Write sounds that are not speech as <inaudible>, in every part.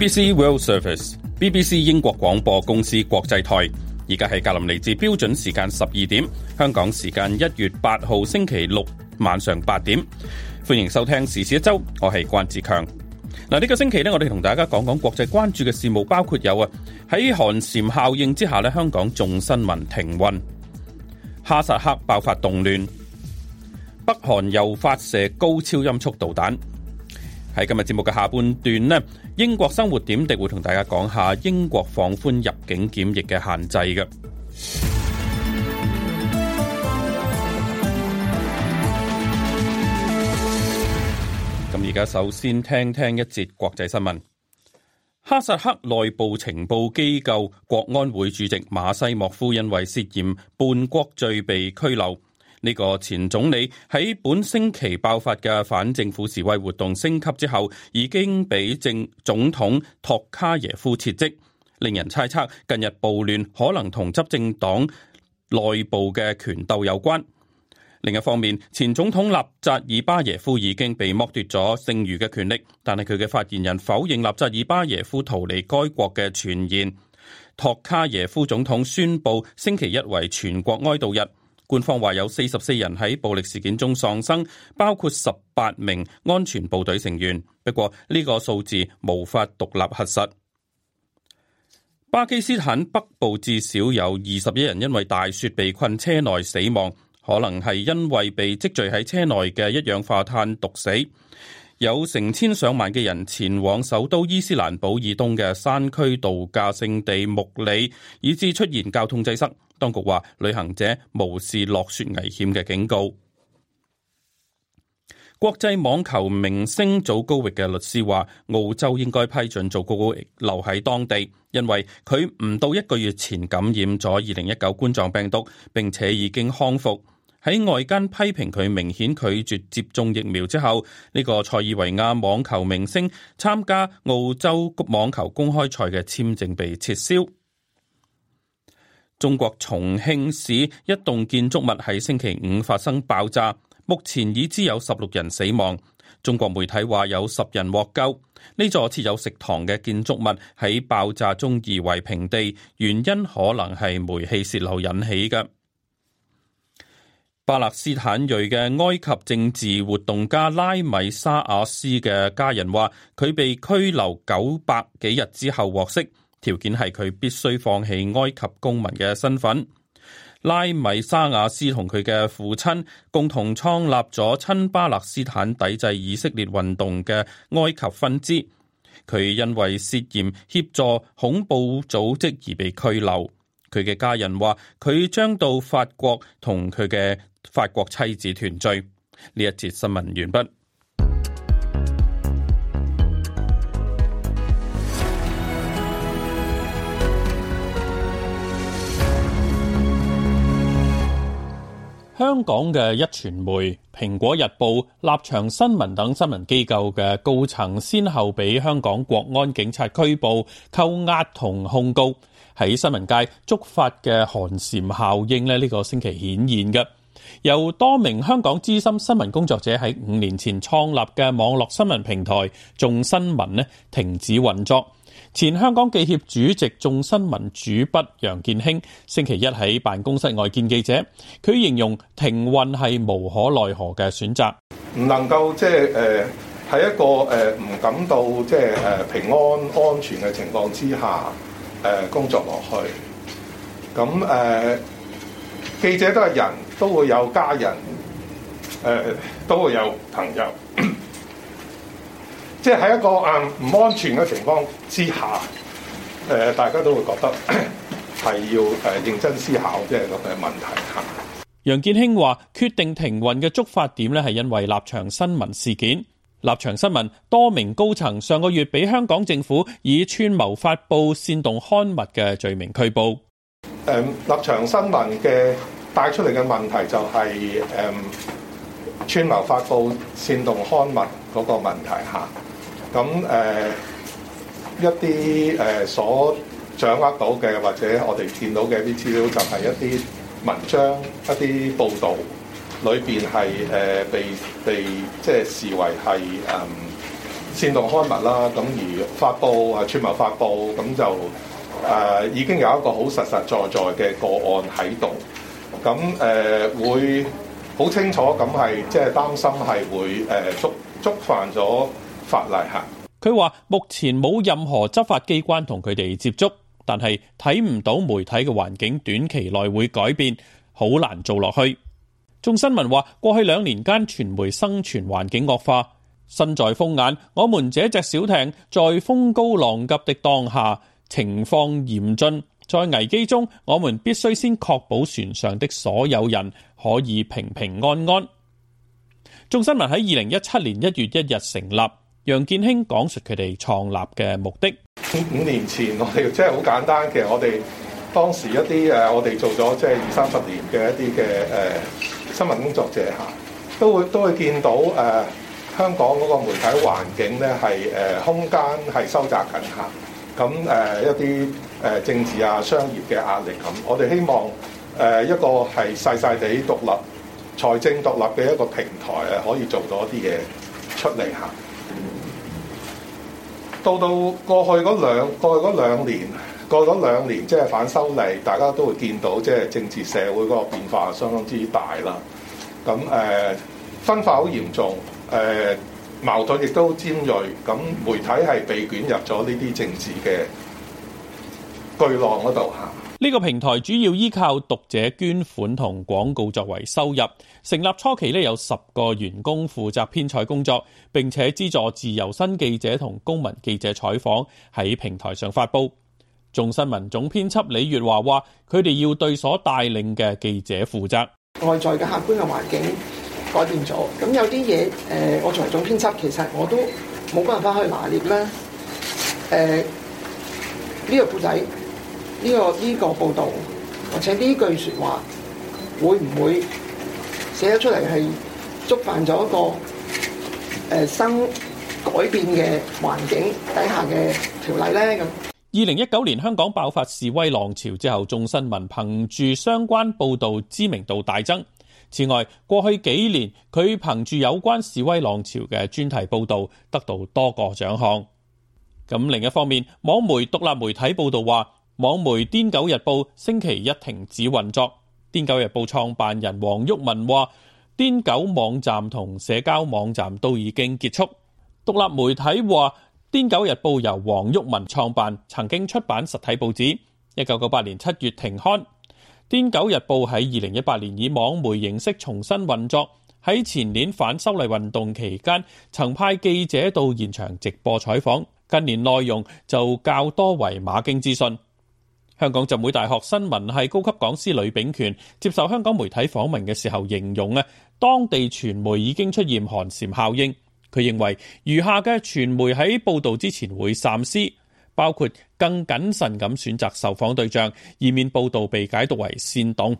BBC World Service，BBC 英國廣播公司國際台。而家係格林尼治標準時間十二點，香港時間一月八號星期六晚上八點，歡迎收聽時事一周。我係關志強。嗱，呢個星期咧，我哋同大家講講國際關注嘅事務，包括有啊，喺寒蟬效應之下咧，香港眾新聞停運；哈薩克爆發動亂；北韓又發射高超音速導彈。喺今日節目嘅下半段呢，英國生活點滴會同大家講下英國放寬入境檢疫嘅限制嘅。咁而家首先聽聽一節國際新聞。哈薩克內部情報機構國安會主席馬西莫夫因為涉嫌叛國罪被拘留。呢個前總理喺本星期爆發嘅反政府示威活動升級之後，已經俾正總統托卡耶夫撤職，令人猜測近日暴亂可能同執政黨內部嘅權鬥有關。另一方面，前總統納扎爾巴耶夫已經被剝奪咗剩餘嘅權力，但係佢嘅發言人否認納扎爾巴耶夫逃離該國嘅傳言。托卡耶夫總統宣佈星期一為全國哀悼日。官方話有四十四人喺暴力事件中喪生，包括十八名安全部隊成員。不過呢個數字無法獨立核實。巴基斯坦北部至少有二十一人因為大雪被困車內死亡，可能係因為被積聚喺車內嘅一氧化碳毒死。有成千上萬嘅人前往首都伊斯蘭堡以東嘅山區度假勝地木里，以致出現交通擠塞。當局話旅行者無視落雪危險嘅警告。國際網球明星祖高域嘅律師話：澳洲應該批准祖高域留喺當地，因為佢唔到一個月前感染咗二零一九冠狀病毒，並且已經康復。喺外間批評佢明顯拒絕接種疫苗之後，呢個塞爾維亞網球明星參加澳洲網球公開賽嘅簽證被撤銷。中國重慶市一棟建築物喺星期五發生爆炸，目前已知有十六人死亡。中國媒體話有十人獲救。呢座設有食堂嘅建築物喺爆炸中夷為平地，原因可能係煤氣泄漏引起嘅。巴勒斯坦裔嘅埃及政治活動家拉米沙雅斯嘅家人話，佢被拘留九百幾日之後獲釋，條件係佢必須放棄埃及公民嘅身份。拉米沙雅斯同佢嘅父親共同創立咗親巴勒斯坦抵制以色列運動嘅埃及分支。佢因為涉嫌協助恐怖組織而被拘留。佢嘅家人話，佢將到法國同佢嘅。法國妻子團聚，呢一節新聞完畢。香港嘅壹傳媒《蘋果日報》、立場新聞等新聞機構嘅高層先後俾香港國安警察拘捕、扣押、同控告，喺新聞界觸發嘅寒蟬效應呢，呢個星期顯現嘅。由多名香港資深新聞工作者喺五年前創立嘅網絡新聞平台眾新聞呢，停止運作。前香港記協主席、眾新聞主筆楊健興星期一喺辦公室外見記者，佢形容停運係無可奈何嘅選擇，唔能夠即係誒喺一個誒唔感到即係誒平安安全嘅情況之下誒、呃、工作落去，咁、呃、誒。呃記者都係人都會有家人、呃，都會有朋友，即係喺一個誒唔安全嘅情況之下、呃，大家都會覺得係、呃、要誒認真思考即係咁嘅問題。楊建興話：決定停運嘅觸發點咧，係因為立場新聞事件。立場新聞多名高層上個月畀香港政府以串謀發布煽動刊物嘅罪名拘捕。誒、um, 立場新聞嘅帶出嚟嘅問題就係誒串謀發佈煽動刊物嗰個問題嚇，咁、uh, 一啲誒、uh, 所掌握到嘅或者我哋見到嘅一啲資料就係一啲文章一啲報導裏面係、uh, 被被即係、就是、視為係誒、um, 煽動刊物啦，咁而發佈啊串謀發佈咁就。誒已經有一個好實實在在嘅個案喺度，咁誒、呃、會好清楚咁係，即係擔心係會誒觸觸犯咗法例吓。佢話目前冇任何執法機關同佢哋接觸，但係睇唔到媒體嘅環境短期內會改變，好難做落去。眾新聞話，過去兩年間，傳媒生存環境惡化，身在風眼，我們這隻小艇在風高浪急的當下。情況嚴峻，在危機中，我們必須先確保船上的所有人可以平平安安。眾新聞喺二零一七年一月一日成立，楊建興講述佢哋創立嘅目的。五年前，我哋真係好簡單嘅，我哋當時一啲誒，我哋做咗即係二三十年嘅一啲嘅誒新聞工作者都會都會見到、呃、香港嗰個媒體環境呢係誒空間係收窄緊嚇。咁誒、呃、一啲誒政治啊、商業嘅壓力咁，我哋希望誒、呃、一個係細細地獨立、財政獨立嘅一個平台啊，可以做到一啲嘢出嚟吓。到到過去嗰兩過去嗰兩年，過去嗰兩年，即係反修例，大家都會見到，即係政治社會嗰個變化相當之大啦。咁誒、呃、分化好嚴重誒。呃矛盾亦都尖銳，咁媒體係被捲入咗呢啲政治嘅巨浪嗰度嚇。呢個平台主要依靠讀者捐款同廣告作為收入。成立初期呢有十個員工負責編採工作，並且資助自由新記者同公民記者採訪，喺平台上發布。眾新聞總編輯李月華話：佢哋要對所帶領嘅記者負責。外在嘅客觀嘅環境。改變咗，咁有啲嘢，誒，我作為總編輯其實我都冇辦法去拿捏啦。誒，呢個故仔，呢個呢個報導，或者呢句説話，會唔會寫得出嚟係觸犯咗一個誒新改變嘅環境底下嘅條例咧？咁，二零一九年香港爆發示威浪潮之後，眾新聞憑住相關報導知名度大增。此外，過去幾年佢憑住有關示威浪潮嘅專題報導，得到多個獎項。咁另一方面，網媒獨立媒體報導話，網媒《癲狗日報》星期一停止運作。《癲狗日報》創辦人黃毓民話，《癲狗》網站同社交網站都已經結束。獨立媒體話，《癲狗日報》由黃毓民創辦，曾經出版實體報紙，一九九八年七月停刊。《癲狗日報》喺二零一八年以網媒形式重新運作，喺前年反修例運動期間，曾派記者到現場直播採訪。近年內容就較多為馬經資訊。香港浸會大學新聞系高級講師呂炳權接受香港媒體訪問嘅時候形容咧，當地傳媒已經出現寒蟬效應。佢認為餘下嘅傳媒喺報導之前會三思。包括更謹慎咁選擇受訪對象，以免報導被解讀為煽動。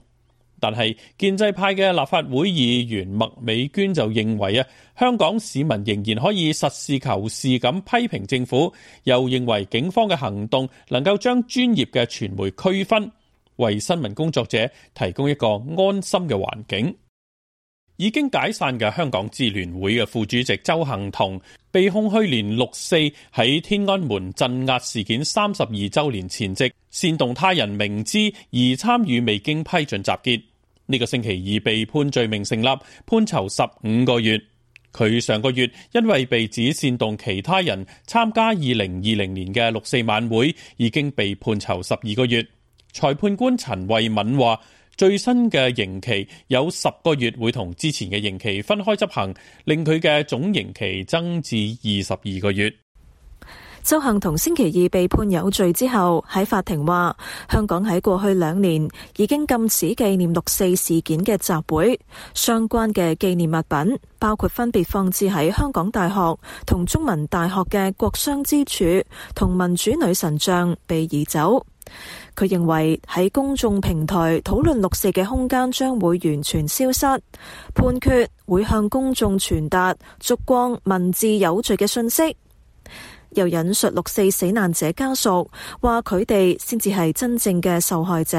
但係建制派嘅立法會議員麥美娟就認為啊，香港市民仍然可以實事求是咁批評政府，又認為警方嘅行動能夠將專業嘅傳媒區分，為新聞工作者提供一個安心嘅環境。已經解散嘅香港支聯會嘅副主席鄒幸彤被控去年六四喺天安門鎮壓事件三十二周年前夕煽動他人明知而參與未經批准集結，呢、這個星期二被判罪名成立，判囚十五個月。佢上個月因為被指煽動其他人參加二零二零年嘅六四晚會，已經被判囚十二個月。裁判官陳慧敏話。最新嘅刑期有十個月會同之前嘅刑期分開執行，令佢嘅總刑期增至二十二個月。鄒幸彤星期二被判有罪之後，喺法庭話：香港喺過去兩年已經禁止紀念六四事件嘅集會，相關嘅紀念物品包括分別放置喺香港大學同中文大學嘅國殤之柱同民主女神像被移走。佢認為喺公眾平台討論六四嘅空間將會完全消失，判決會向公眾傳達燭光文字有罪嘅信息，又引述六四死難者家屬話佢哋先至係真正嘅受害者。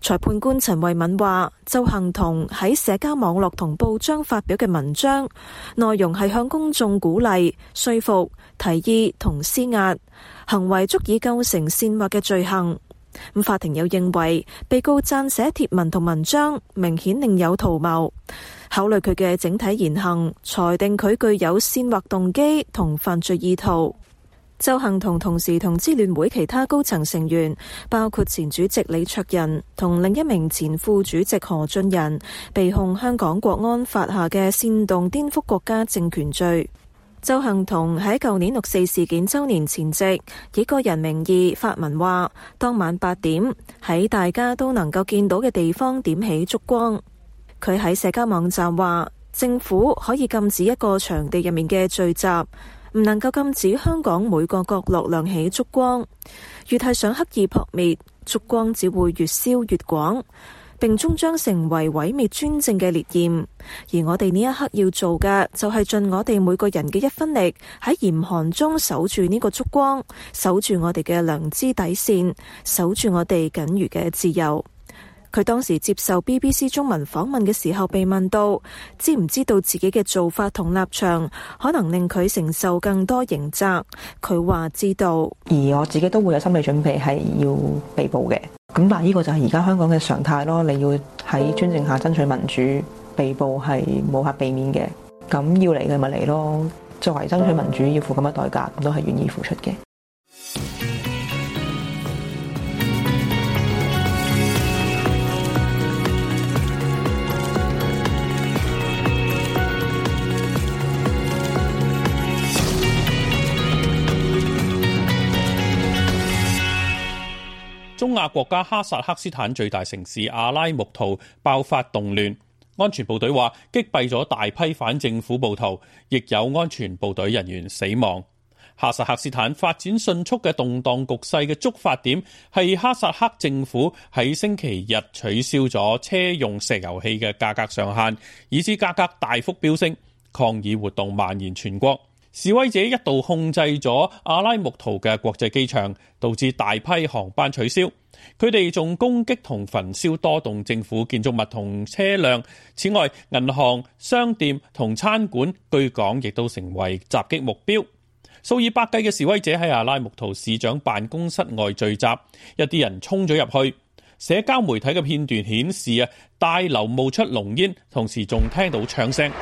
裁判官陳慧敏話，鄒幸彤喺社交網絡同報章發表嘅文章，內容係向公眾鼓勵、說服、提議同施壓，行為足以構成煽惑嘅罪行。法庭又認為，被告撰寫貼文同文章，明顯另有圖謀，考慮佢嘅整體言行，裁定佢具有煽惑動機同犯罪意圖。周幸彤同時同支聯會其他高層成員，包括前主席李卓人同另一名前副主席何俊仁，被控香港國安法下嘅煽動顛覆國家政權罪。周幸彤喺舊年六四事件周年前夕，以個人名義發文話，當晚八點喺大家都能夠見到嘅地方點起燭光。佢喺社交網站話，政府可以禁止一個場地入面嘅聚集。唔能夠禁止香港每個角落亮起燭光，越係想刻意撲滅燭光，只會越燒越廣，並終將成為毀滅專政嘅烈焰。而我哋呢一刻要做嘅，就係盡我哋每個人嘅一分力，喺嚴寒中守住呢個燭光，守住我哋嘅良知底線，守住我哋僅餘嘅自由。佢當時接受 BBC 中文訪問嘅時候，被問到知唔知道自己嘅做法同立場可能令佢承受更多刑責，佢話知道。而我自己都會有心理準備，係要被捕嘅。咁但係呢個就係而家香港嘅常態咯。你要喺專政下爭取民主，被捕係冇法避免嘅。咁要嚟嘅咪嚟咯。作為爭取民主，要付咁嘅代價，咁都係願意付出嘅。中亞國家哈薩克斯坦最大城市阿拉木圖爆發動亂，安全部隊話擊斃咗大批反政府暴徒，亦有安全部隊人員死亡。哈薩克斯坦發展迅速嘅動盪局勢嘅觸發點係哈薩克政府喺星期日取消咗車用石油氣嘅價格上限，以至價格大幅飆升，抗議活動蔓延全國。示威者一度控制咗阿拉木圖嘅國際機場，導致大批航班取消。佢哋仲攻擊同焚燒多棟政府建築物同車輛。此外，銀行、商店同餐館據講亦都成為襲擊目標。數以百計嘅示威者喺阿拉木圖市長辦公室外聚集，一啲人衝咗入去。社交媒體嘅片段顯示啊，大樓冒出濃煙，同時仲聽到槍聲。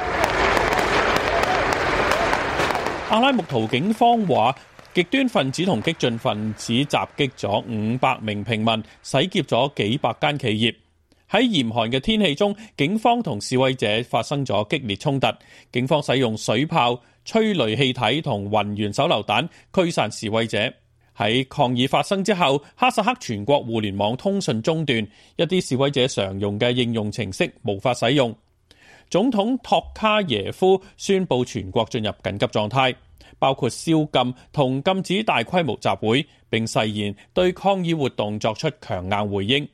阿拉木圖警方話，極端分子同激進分子襲擊咗五百名平民，洗劫咗幾百間企業。喺嚴寒嘅天氣中，警方同示威者發生咗激烈衝突，警方使用水炮、催淚氣體同混元手榴彈驅散示威者。喺抗議發生之後，哈薩克全國互聯網通訊中斷，一啲示威者常用嘅應用程式無法使用。總統托卡耶夫宣布全國進入緊急狀態，包括宵禁同禁止大規模集會，並誓言對抗議活動作出強硬回應。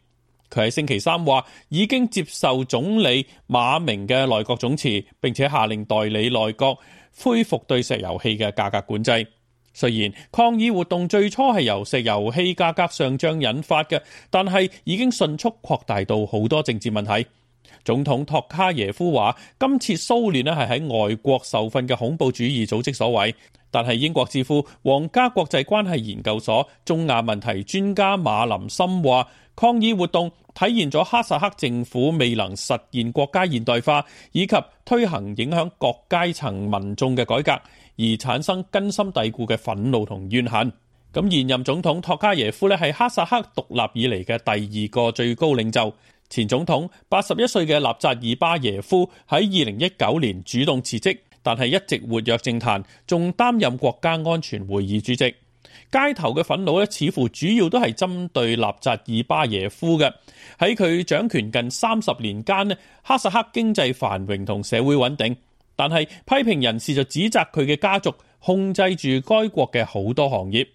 佢喺星期三話已經接受總理馬明嘅內閣總辭，並且下令代理內閣恢復對石油氣嘅價格管制。雖然抗議活動最初係由石油氣價格上漲引發嘅，但係已經迅速擴大到好多政治問題。總統托卡耶夫話：今次騷亂咧係喺外國受訓嘅恐怖主義組織所為。但係英國智庫皇家國際關係研究所中亞問題專家馬林森話：抗議活動體現咗哈薩克政府未能實現國家現代化以及推行影響各階層民眾嘅改革，而產生根深蒂固嘅憤怒同怨恨。咁現任總統托卡耶夫咧係哈薩克獨立以嚟嘅第二個最高領袖。前總統八十一歲嘅納扎爾巴耶夫喺二零一九年主動辭職，但係一直活躍政壇，仲擔任國家安全會議主席。街頭嘅憤怒咧，似乎主要都係針對納扎爾巴耶夫嘅。喺佢掌權近三十年間咧，哈薩克經濟繁榮同社會穩定，但係批評人士就指責佢嘅家族控制住該國嘅好多行業。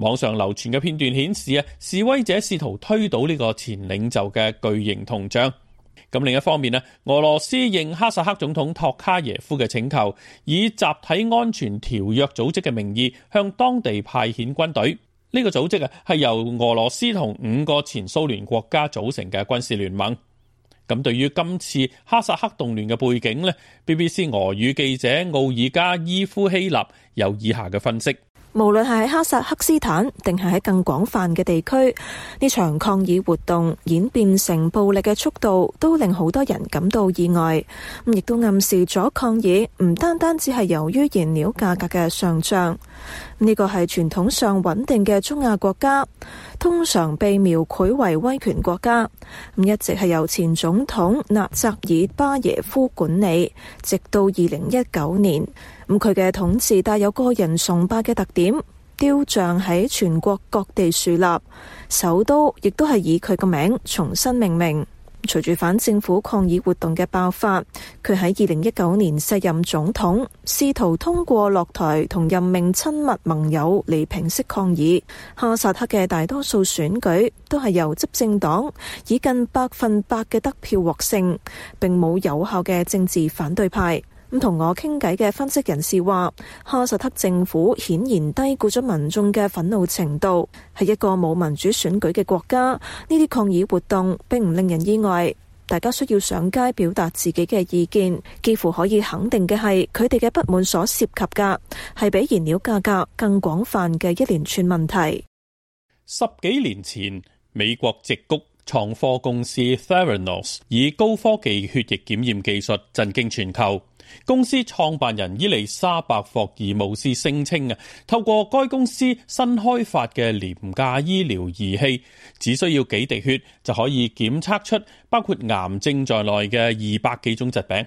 網上流傳嘅片段顯示啊，示威者試圖推倒呢個前領袖嘅巨型銅像。咁另一方面啊，俄羅斯應哈薩克總統托卡耶夫嘅請求，以集體安全條約組織嘅名義向當地派遣軍隊。呢個組織啊，係由俄羅斯同五個前蘇聯國家組成嘅軍事聯盟。咁對於今次哈薩克動亂嘅背景呢 BBC 俄語記者奧爾加伊夫希納有以下嘅分析。無論係喺哈薩克斯坦，定係喺更廣泛嘅地區，呢場抗議活動演變成暴力嘅速度，都令好多人感到意外。亦都暗示咗抗議唔單單只係由於燃料價格嘅上漲。呢個係傳統上穩定嘅中亞國家，通常被描繪為威權國家。一直係由前總統納扎爾巴耶夫管理，直到二零一九年。咁佢嘅統治帶有個人崇拜嘅特點，雕像喺全國各地樹立，首都亦都係以佢個名重新命名。隨住反政府抗議活動嘅爆發，佢喺二零一九年卸任總統，試圖通過落台同任命親密盟友嚟平息抗議。哈薩克嘅大多數選舉都係由執政黨以近百分百嘅得票獲勝，並冇有，有效嘅政治反對派。咁同我傾偈嘅分析人士話，哈薩克政府顯然低估咗民眾嘅憤怒程度。係一個冇民主選舉嘅國家，呢啲抗議活動並唔令人意外。大家需要上街表達自己嘅意見。幾乎可以肯定嘅係，佢哋嘅不滿所涉及噶，係比燃料價格更廣泛嘅一連串問題。十幾年前，美國直谷創科公司 Theranos 以高科技血液檢驗技術震驚全球。公司創辦人伊利沙伯霍爾姆斯聲稱啊，透過該公司新開發嘅廉價醫療儀器，只需要幾滴血就可以檢測出包括癌症在內嘅二百幾種疾病。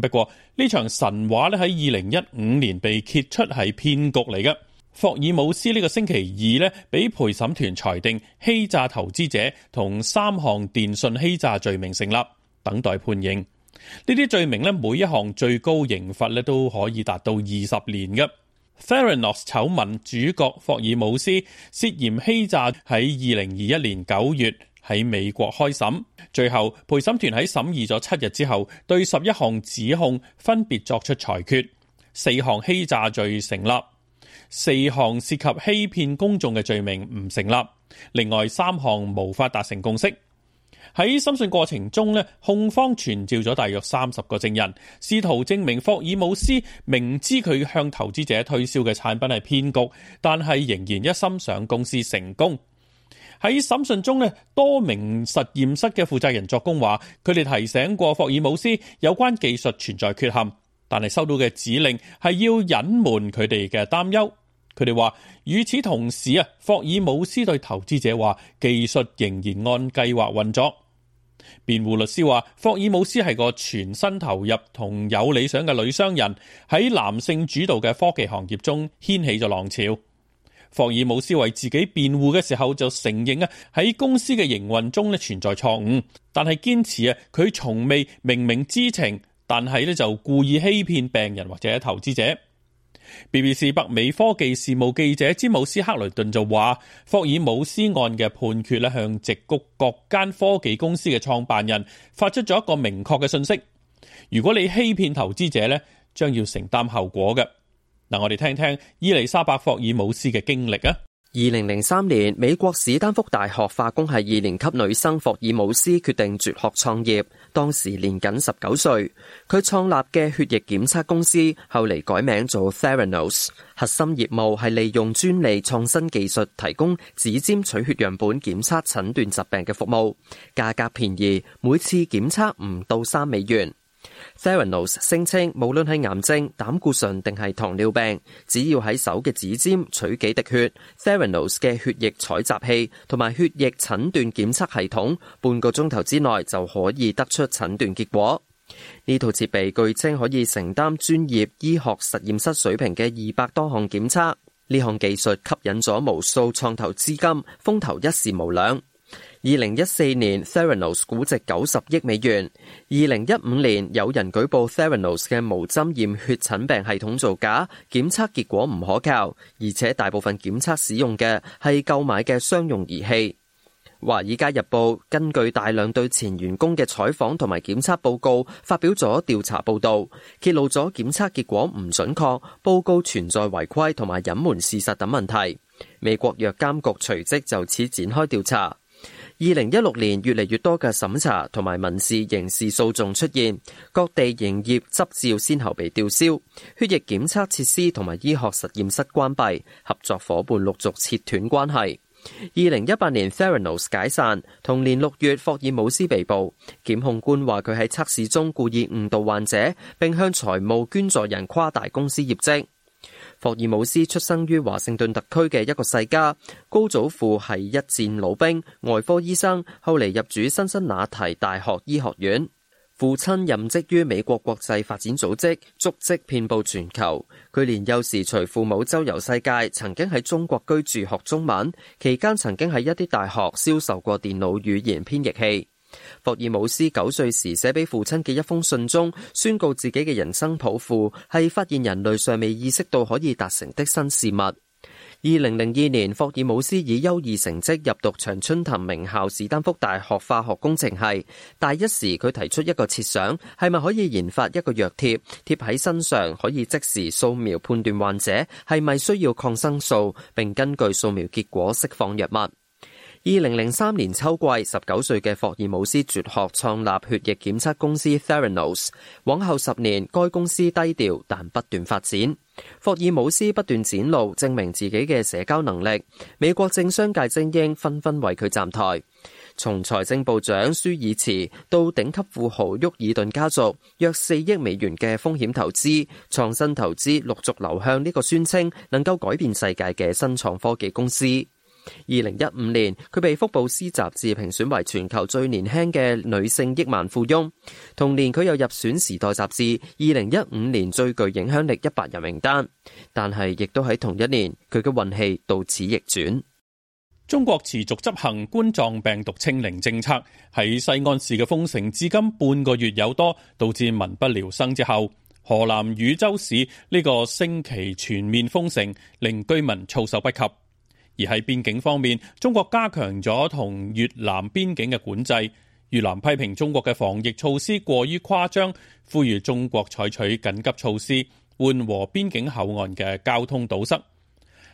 不過呢場神話咧喺二零一五年被揭出係騙局嚟㗎。霍爾姆斯呢個星期二咧，俾陪審團裁定欺詐投資者同三項電訊欺詐罪名成立，等待判刑。呢啲罪名呢，每一項最高刑罰呢都可以達到二十年嘅。Theranos 醜聞主角霍爾姆斯涉嫌欺詐，喺二零二一年九月喺美國開審。最後陪審團喺審議咗七日之後，對十一項指控分別作出裁決：四項欺詐罪成立，四項涉及欺騙公眾嘅罪名唔成立，另外三項無法達成共識。喺審訊過程中咧，控方傳召咗大約三十個證人，試圖證明霍爾姆斯明知佢向投資者推銷嘅產品係騙局，但係仍然一心想公司成功。喺審訊中咧，多名實驗室嘅負責人作供話，佢哋提醒過霍爾姆斯有關技術存在缺陷，但係收到嘅指令係要隱瞞佢哋嘅擔憂。佢哋話，與此同時啊，霍爾姆斯對投資者話，技術仍然按計劃運作。辯護律師話，霍爾姆斯係個全身投入同有理想嘅女商人，喺男性主導嘅科技行業中掀起咗浪潮。霍爾姆斯為自己辯護嘅時候就承認啊，喺公司嘅營運中咧存在錯誤，但係堅持啊，佢從未明明知情，但係咧就故意欺騙病人或者投資者。BBC 北美科技事務記者詹姆斯·克雷頓就話：霍爾姆斯案嘅判決咧，向直谷各間科技公司嘅創辦人發出咗一個明確嘅信息：如果你欺騙投資者咧，將要承擔後果嘅。嗱，我哋聽聽伊麗莎白·霍爾姆斯嘅經歷啊。二零零三年，美國史丹福大學化工系二年級女生霍爾姆斯決定輟學創業，當時年僅十九歲。佢創立嘅血液檢測公司後嚟改名做 Theranos，核心業務係利用專利創新技術提供指尖取血樣本檢測診斷疾病嘅服務，價格便宜，每次檢測唔到三美元。Theranos 聲稱，無論係癌症、膽固醇定係糖尿病，只要喺手嘅指尖取幾滴血，Theranos 嘅血液採集器同埋血液診斷檢測系統，半個鐘頭之內就可以得出診斷結果。呢套設備據稱可以承擔專業醫學實驗室水平嘅二百多項檢測。呢項技術吸引咗無數創投資金，風頭一時無兩。二零一四年，Theranos 估值九十億美元。二零一五年，有人舉報 Theranos 嘅無針驗血診病系統造假，檢測結果唔可靠，而且大部分檢測使用嘅係購買嘅商用儀器。華爾街日報根據大量對前員工嘅採訪同埋檢測報告，發表咗調查報道，揭露咗檢測結果唔準確、報告存在違規同埋隱瞞事實等問題。美國藥監局隨即就此展開調查。二零一六年，越嚟越多嘅審查同埋民事、刑事訴訟出現，各地營業執照先後被吊銷，血液檢測設施同埋醫學實驗室關閉，合作伙伴陸續切斷關係。二零一八年，Theranos 解散，同年六月霍爾姆斯被捕，檢控官話佢喺測試中故意誤導患者，並向財務捐助人誇大公司業績。霍爾姆斯出生於華盛頓特區嘅一個世家，高祖父係一戰老兵、外科醫生，後嚟入主新辛那提大學醫學院。父親任職於美國國際發展組織，足跡遍布全球。佢年幼時隨父母周遊世界，曾經喺中國居住學中文，期間曾經喺一啲大學銷售過電腦語言編譯器。霍爾姆斯九歲時寫俾父親嘅一封信中，宣告自己嘅人生抱負係發現人類尚未意識到可以達成的新事物。二零零二年，霍爾姆斯以優異成績入讀長春藤名校史丹福大學化學工程係。大一時，佢提出一個設想，係咪可以研發一個藥貼，貼喺身上可以即時掃描判斷患者係咪需要抗生素，並根據掃描結果釋放藥物。二零零三年秋季，十九歲嘅霍爾姆斯輟學創立血液檢測公司 Theranos。往後十年，該公司低調但不斷發展。霍爾姆斯不斷展露證明自己嘅社交能力，美國政商界精英紛紛為佢站台。從財政部長舒爾茨到頂級富豪沃爾頓家族，約四億美元嘅風險投資、創新投資陸續流向呢個宣稱能夠改變世界嘅新創科技公司。二零一五年，佢被福布斯雜誌評選為全球最年輕嘅女性億萬富翁。同年，佢又入選《時代》雜誌二零一五年最具影響力一百人名單。但係，亦都喺同一年，佢嘅運氣到此逆轉。中國持續執行冠狀病毒清零政策，喺西安市嘅封城至今半個月有多，導致民不聊生之後，河南禹州市呢個星期全面封城，令居民措手不及。而喺邊境方面，中國加強咗同越南邊境嘅管制。越南批評中國嘅防疫措施過於誇張，呼籲中國採取緊急措施緩和邊境口岸嘅交通堵塞。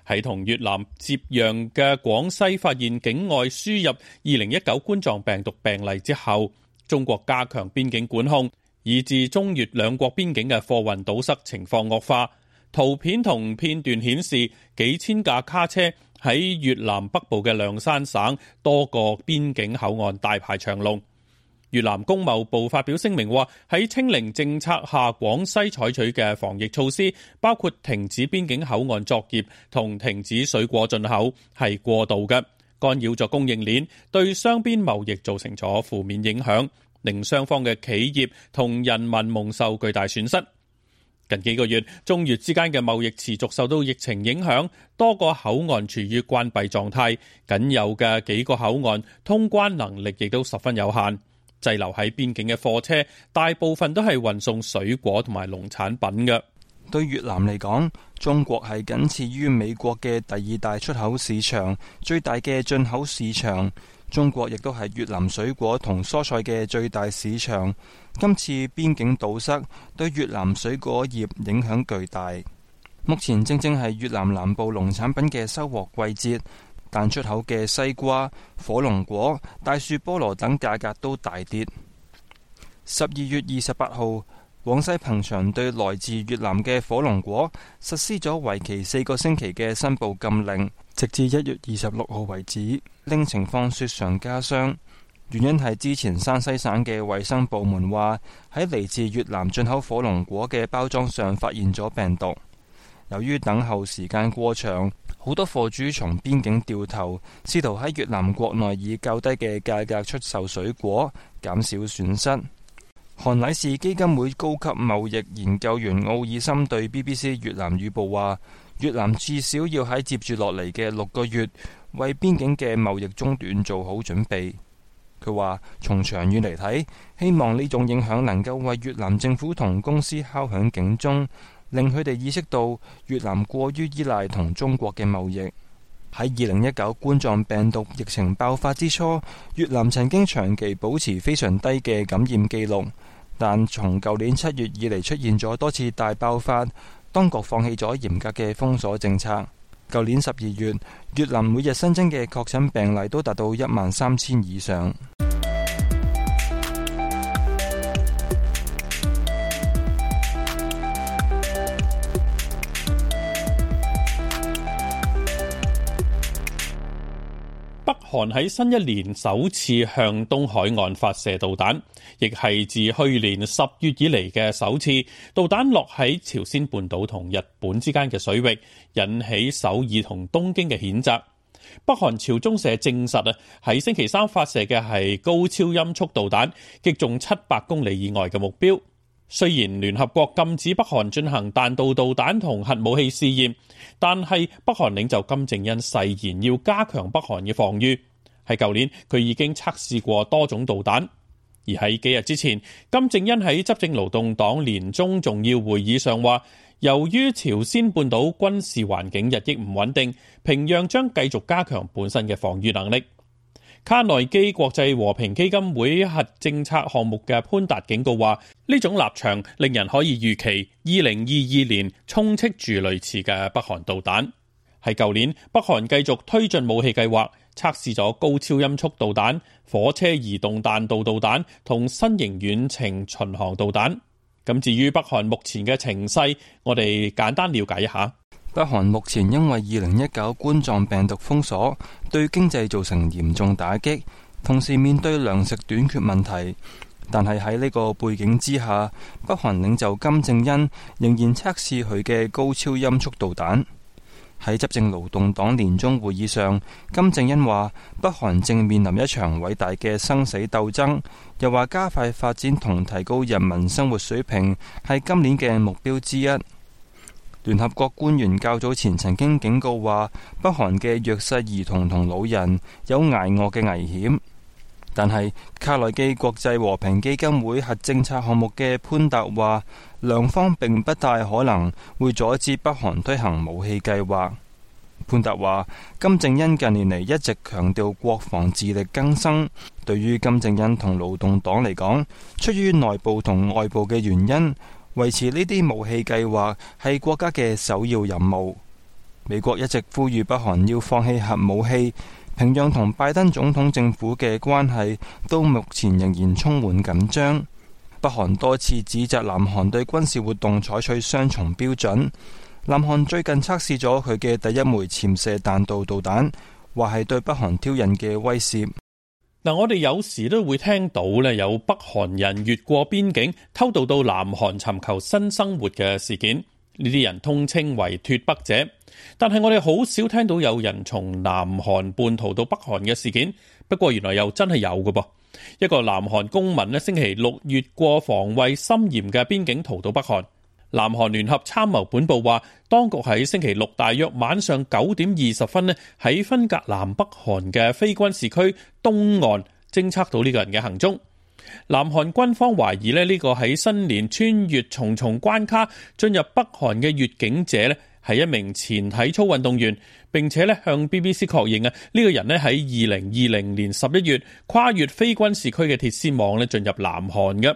喺同越南接壤嘅廣西發現境外輸入二零一九冠狀病毒病例之後，中國加強邊境管控，以致中越兩國邊境嘅貨運堵塞情況惡化。圖片同片段顯示幾千架卡車。喺越南北部嘅諒山省多個邊境口岸大排長龍。越南工貿部發表聲明話，喺清零政策下，廣西採取嘅防疫措施包括停止邊境口岸作業同停止水果進口，係過度嘅，干擾咗供應鏈，對雙邊貿易造成咗負面影響，令雙方嘅企業同人民蒙受巨大損失。近幾個月，中越之間嘅貿易持續受到疫情影響，多個口岸處於關閉狀態，僅有嘅幾個口岸通關能力亦都十分有限。滯留喺邊境嘅貨車，大部分都係運送水果同埋農產品嘅。對越南嚟講，中國係僅次於美國嘅第二大出口市場，最大嘅進口市場。中國亦都係越南水果同蔬菜嘅最大市場。今次邊境堵塞對越南水果業影響巨大。目前正正係越南南部農產品嘅收穫季節，但出口嘅西瓜、火龍果、大樹菠蘿等價格都大跌。十二月二十八號，廣西憑祥對來自越南嘅火龍果實施咗為期四個星期嘅申報禁令，直至一月二十六號為止。令情況雪上加霜，原因係之前山西省嘅衛生部門話喺嚟自越南進口火龍果嘅包裝上發現咗病毒。由於等候時間過長，好多貨主從邊境掉頭，試圖喺越南國內以較低嘅價格出售水果，減少損失。韓禮士基金會高級貿易研究員奧爾森對 BBC 越南語報話：越南至少要喺接住落嚟嘅六個月為邊境嘅貿易中斷做好準備。佢話從長遠嚟睇，希望呢種影響能夠為越南政府同公司敲響警鐘，令佢哋意識到越南過於依賴同中國嘅貿易。喺二零一九冠狀病毒疫情爆發之初，越南曾經長期保持非常低嘅感染記錄，但從舊年七月以嚟出現咗多次大爆發，當局放棄咗嚴格嘅封鎖政策。舊年十二月，越南每日新增嘅確診病例都達到一萬三千以上。北韓喺新一年首次向東海岸發射導彈，亦係自去年十月以嚟嘅首次。導彈落喺朝鮮半島同日本之間嘅水域，引起首爾同東京嘅譴責。北韓朝中社證實啊，喺星期三發射嘅係高超音速導彈，擊中七百公里以外嘅目標。雖然聯合國禁止北韓進行彈道導彈同核武器試驗，但係北韓領袖金正恩誓言要加強北韓嘅防禦。喺舊年，佢已經測試過多種導彈，而喺幾日之前，金正恩喺執政勞動黨年終重要會議上話，由於朝鮮半島軍事環境日益唔穩定，平壤將繼續加強本身嘅防禦能力。卡內基國際和平基金會核政策項目嘅潘達警告話：呢種立場令人可以預期，2022年充斥住類似嘅北韓導彈。喺舊年，北韓繼續推進武器計劃，測試咗高超音速導彈、火車移動彈道導彈同新型遠程巡航導彈。咁至於北韓目前嘅情勢，我哋簡單了解一下。北韓目前因為二零一九冠狀病毒封鎖，對經濟造成嚴重打擊，同時面對糧食短缺問題。但係喺呢個背景之下，北韓領袖金正恩仍然測試佢嘅高超音速導彈。喺執政勞動黨年終會議上，金正恩話北韓正面臨一場偉大嘅生死鬥爭，又話加快發展同提高人民生活水平係今年嘅目標之一。聯合國官員較早前曾經警告話，北韓嘅弱勢兒童同老人有捱餓嘅危險。但係卡內基國際和平基金會核政策項目嘅潘達話，兩方並不大可能會阻止北韓推行武器計劃。潘達話，金正恩近年嚟一直強調國防自力更生，對於金正恩同勞動黨嚟講，出於內部同外部嘅原因。維持呢啲武器計劃係國家嘅首要任務。美國一直呼籲北韓要放棄核武器，平壤同拜登總統政府嘅關係都目前仍然充滿緊張。北韓多次指責南韓對軍事活動採取雙重標準。南韓最近測試咗佢嘅第一枚潛射彈道導彈，話係對北韓挑釁嘅威懾。嗱，我哋有時都會聽到咧，有北韓人越過邊境偷渡到南韓尋求新生活嘅事件，呢啲人通稱為脫北者。但係我哋好少聽到有人從南韓叛逃到北韓嘅事件。不過原來又真係有嘅噃，一個南韓公民咧星期六越過防衛森嚴嘅邊境逃到北韓。南韓聯合參謀本部話，當局喺星期六大約晚上九點二十分咧，喺分隔南北韓嘅非軍事區東岸偵測到呢個人嘅行蹤。南韓軍方懷疑咧呢個喺新年穿越重重關卡進入北韓嘅越境者咧，係一名前體操運動員。並且咧向 BBC 確認啊，呢個人咧喺二零二零年十一月跨越非軍事區嘅鐵絲網咧進入南韓嘅。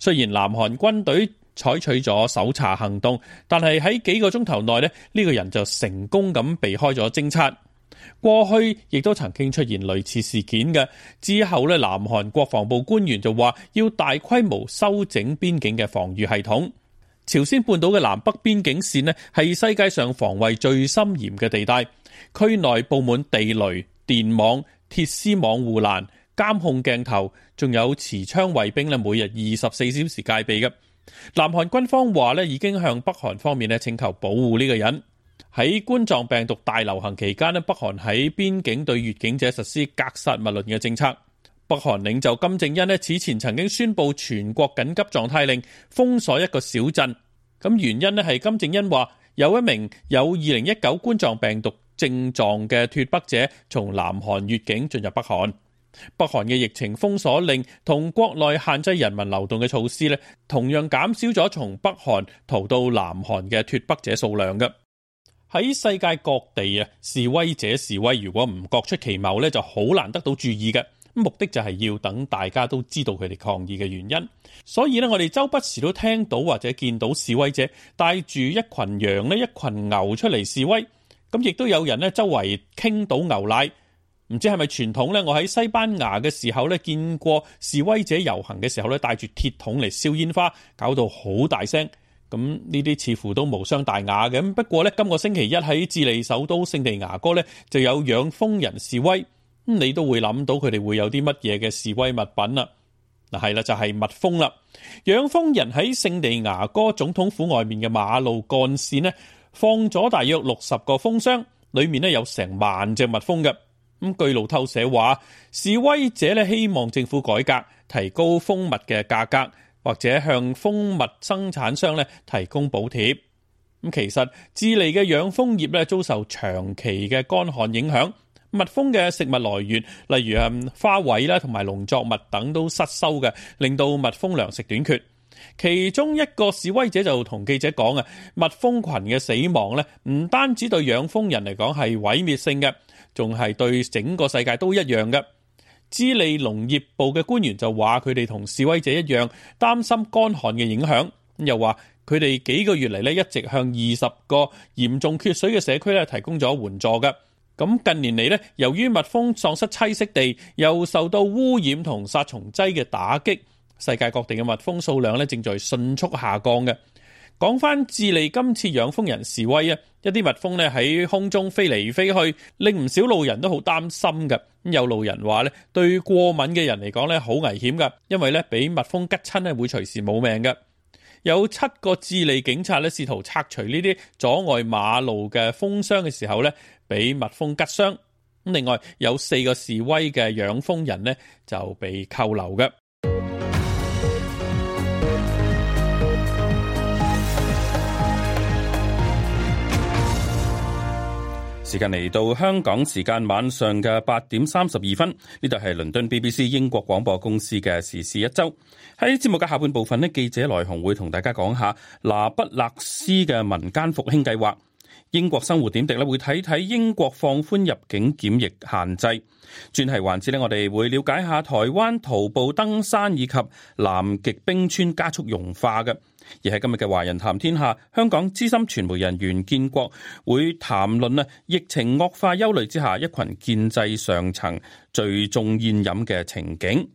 雖然南韓軍隊採取咗搜查行動，但係喺幾個鐘頭內咧，呢個人就成功咁避開咗偵察。過去亦都曾經出現類似事件嘅。之後呢，南韓國防部官員就話要大規模修整邊境嘅防禦系統。朝鮮半島嘅南北邊境線呢，係世界上防衞最森嚴嘅地帶，區內佈滿地雷、電網、鐵絲網、護欄、監控鏡頭，仲有持槍衛兵呢每日二十四小時戒備嘅。南韓軍方話咧，已經向北韓方面咧請求保護呢個人。喺冠狀病毒大流行期間咧，北韓喺邊境對越境者實施格殺勿論嘅政策。北韓領袖金正恩咧此前曾經宣佈全國緊急狀態令，封鎖一個小鎮。咁原因咧係金正恩話有一名有2019冠狀病毒症狀嘅脱北者從南韓越境進入北韓。北韓嘅疫情封鎖令同國內限制人民流動嘅措施呢，同樣減少咗從北韓逃到南韓嘅脫北者數量嘅。喺世界各地啊，示威者示威如果唔各出其謀呢，就好難得到注意嘅。目的就係要等大家都知道佢哋抗議嘅原因。所以呢，我哋周不時都聽到或者見到示威者帶住一群羊呢、一群牛出嚟示威，咁亦都有人呢，周圍傾倒牛奶。唔知係咪傳統呢？我喺西班牙嘅時候呢，見過示威者遊行嘅時候呢帶住鐵桶嚟燒煙花，搞到好大聲。咁呢啲似乎都無傷大雅嘅。不過呢，今個星期一喺智利首都聖地牙哥呢，就有養蜂人示威。咁你都會諗到佢哋會有啲乜嘢嘅示威物品啦。嗱，係啦，就係蜜蜂啦。養蜂人喺聖地牙哥總統府外面嘅馬路幹線呢，放咗大約六十個蜂箱，裏面呢有成萬隻蜜蜂嘅。據路透社話，示威者咧希望政府改革，提高蜂蜜嘅價格，或者向蜂蜜生產商咧提供補貼。咁其實，智利嘅養蜂業咧遭受長期嘅乾旱影響，蜜蜂嘅食物來源，例如誒花卉啦，同埋農作物等都失收嘅，令到蜜蜂糧食短缺。其中一個示威者就同記者講啊，蜜蜂群嘅死亡咧，唔單止對養蜂人嚟講係毀滅性嘅。仲係對整個世界都一樣嘅。智利農業部嘅官員就話，佢哋同示威者一樣擔心乾旱嘅影響，又話佢哋幾個月嚟咧一直向二十個嚴重缺水嘅社區咧提供咗援助㗎。咁近年嚟咧，由於蜜蜂喪失棲息地，又受到污染同殺蟲劑嘅打擊，世界各地嘅蜜蜂數量咧正在迅速下降嘅。講翻智利今次養蜂人示威啊，一啲蜜蜂咧喺空中飛嚟飛去，令唔少路人都好擔心㗎。有路人話咧，對過敏嘅人嚟講咧好危險噶，因為咧俾蜜蜂吉親咧會隨時冇命㗎。有七個智利警察咧試圖拆除呢啲阻礙馬路嘅蜂箱嘅時候咧，俾蜜蜂吉傷。另外有四個示威嘅養蜂人呢就被扣留嘅。時間嚟到香港時間晚上嘅八點三十二分，呢度係倫敦 BBC 英國廣播公司嘅時事一周。喺節目嘅下半部分咧，記者來鴻會同大家講下拿不勒斯嘅民間復興計劃。英國生活點滴咧會睇睇英國放寬入境檢疫限制。專題環節咧，我哋會了解一下台灣徒步登山以及南極冰川加速融化嘅。而喺今日嘅華人談天下，香港資深傳媒人袁建國會談論呢疫情惡化憂慮之下，一群建制上層聚眾宴飲嘅情景。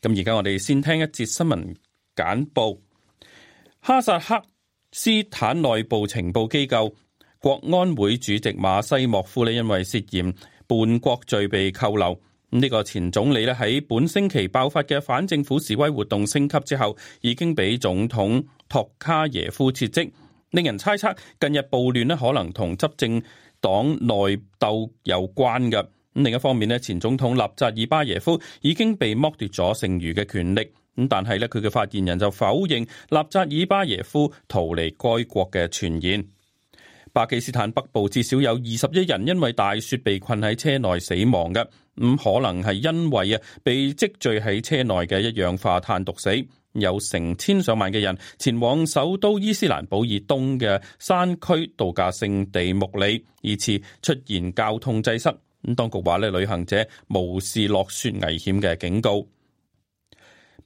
咁而家我哋先聽一節新聞簡報。哈薩克斯坦內部情報機構國安會主席馬西莫夫呢，因為涉嫌叛國罪被扣留。呢個前總理咧，喺本星期爆發嘅反政府示威活動升級之後，已經被總統托卡耶夫撤職，令人猜測近日暴亂咧可能同執政黨內鬥有關嘅。咁另一方面咧，前總統納扎爾巴耶夫已經被剝奪咗剩餘嘅權力。咁但係咧，佢嘅發言人就否認納扎爾巴耶夫逃離該國嘅傳言。巴基斯坦北部至少有二十一人因為大雪被困喺車內死亡嘅。咁可能係因為啊，被積聚喺車內嘅一氧化碳毒死，有成千上萬嘅人前往首都伊斯蘭堡以東嘅山區度假勝地穆里，以致出現交通擠塞。咁當局話咧，旅行者無視落雪危險嘅警告。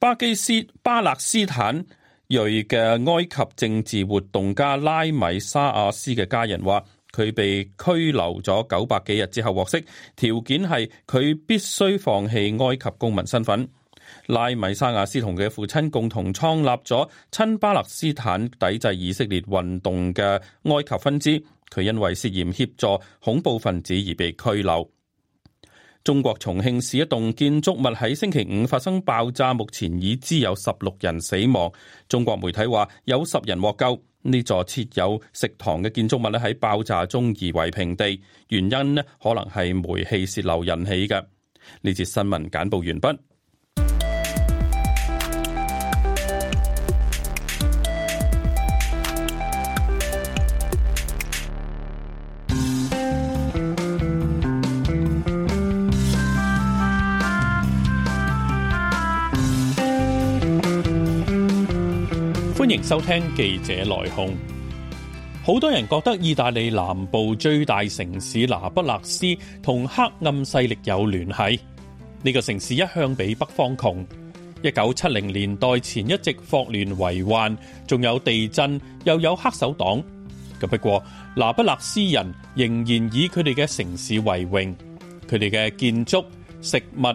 巴基斯坦巴勒斯坦裔嘅埃及政治活動家拉米沙亞斯嘅家人話。佢被拘留咗九百幾日之後獲釋，條件係佢必須放棄埃及公民身份。拉米沙亞斯同佢父親共同創立咗親巴勒斯坦抵制以色列運動嘅埃及分支，佢因為涉嫌協助恐怖分子而被拘留。中國重慶市一棟建築物喺星期五發生爆炸，目前已知有十六人死亡，中國媒體話有十人獲救。呢座設有食堂嘅建築物喺爆炸中夷為平地，原因呢可能係煤氣洩漏引起嘅。呢節新聞簡報完畢。收聽記者來鴻，好多人覺得意大利南部最大城市拿不勒斯同黑暗勢力有聯繫。呢個城市一向比北方窮，一九七零年代前一直霍亂為患，仲有地震，又有黑手黨。咁不過拿不勒斯人仍然以佢哋嘅城市為榮，佢哋嘅建築、食物。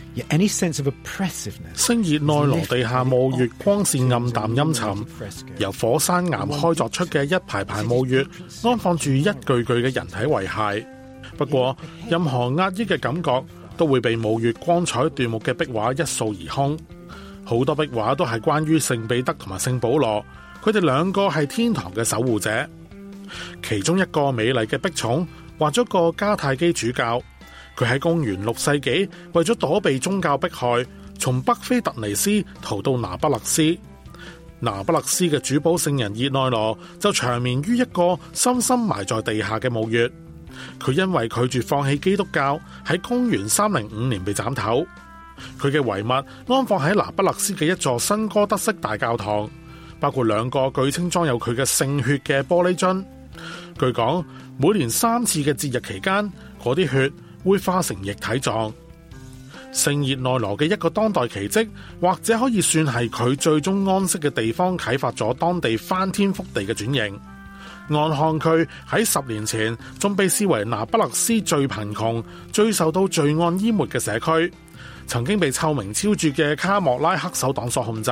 星熱內羅地下墓穴光線暗淡陰沉，由火山岩開鑿出嘅一排排墓穴，安放住一具具嘅人體遺骸。不過，任何壓抑嘅感覺都會被墓穴光彩奪目嘅壁畫一掃而空。好多壁畫都係關於聖彼得同埋聖保羅，佢哋兩個係天堂嘅守護者。其中一個美麗嘅壁重畫咗個迦太基主教。佢喺公元六世紀為咗躲避宗教迫害，從北非特尼斯逃到那不勒斯。那不勒斯嘅主保聖人熱內羅就長眠於一個深深埋在地下嘅墓穴。佢因為拒絕放棄基督教，喺公元三零五年被斬頭。佢嘅遺物安放喺那不勒斯嘅一座新哥德式大教堂，包括兩個據稱裝有佢嘅聖血嘅玻璃樽。據講，每年三次嘅節日期間，嗰啲血。會化成液體狀。聖熱內羅嘅一個當代奇蹟，或者可以算係佢最終安息嘅地方，啟發咗當地翻天覆地嘅轉型。岸康區喺十年前仲被視為那不勒斯最貧窮、最受到罪案淹沒嘅社區，曾經被臭名昭著嘅卡莫拉黑手黨所控制。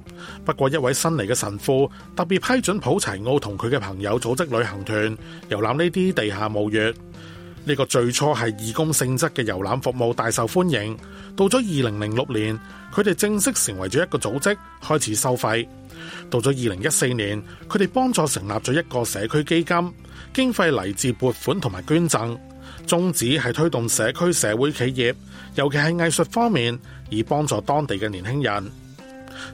不過一位新嚟嘅神父特別批准普齊奧同佢嘅朋友組織旅行團遊覽呢啲地下墓穴。呢個最初係義工性質嘅遊覽服務大受歡迎。到咗二零零六年，佢哋正式成為咗一個組織，開始收費。到咗二零一四年，佢哋幫助成立咗一個社區基金，經費嚟自撥款同埋捐贈，宗旨係推動社區社會企業，尤其係藝術方面，以幫助當地嘅年輕人。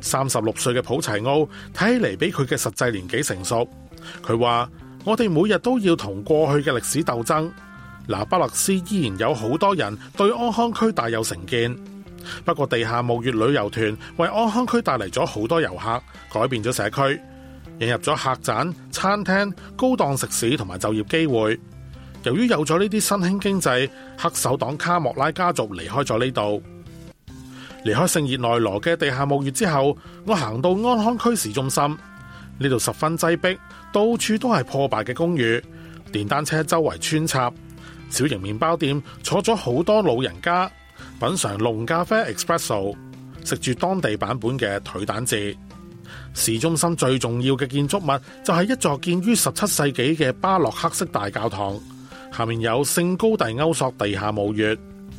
三十六歲嘅普齊奧睇起嚟比佢嘅實際年紀成熟。佢話：我哋每日都要同過去嘅歷史鬥爭。拿巴勒斯依然有好多人對安康區大有成見。不過地下墓穴旅遊團為安康區帶嚟咗好多遊客，改變咗社區，引入咗客棧、餐廳、高檔食肆同埋就業機會。由於有咗呢啲新興經濟，黑手黨卡莫拉家族離開咗呢度。離開聖熱內羅嘅地下墓穴之後，我行到安康區市中心，呢度十分擠逼，到處都係破敗嘅公寓，電單車周圍穿插，小型麵包店坐咗好多老人家品嘗濃咖啡 Espresso，食住當地版本嘅腿蛋治。市中心最重要嘅建築物就係一座建於十七世紀嘅巴洛克式大教堂，下面有聖高地歐索地下墓穴。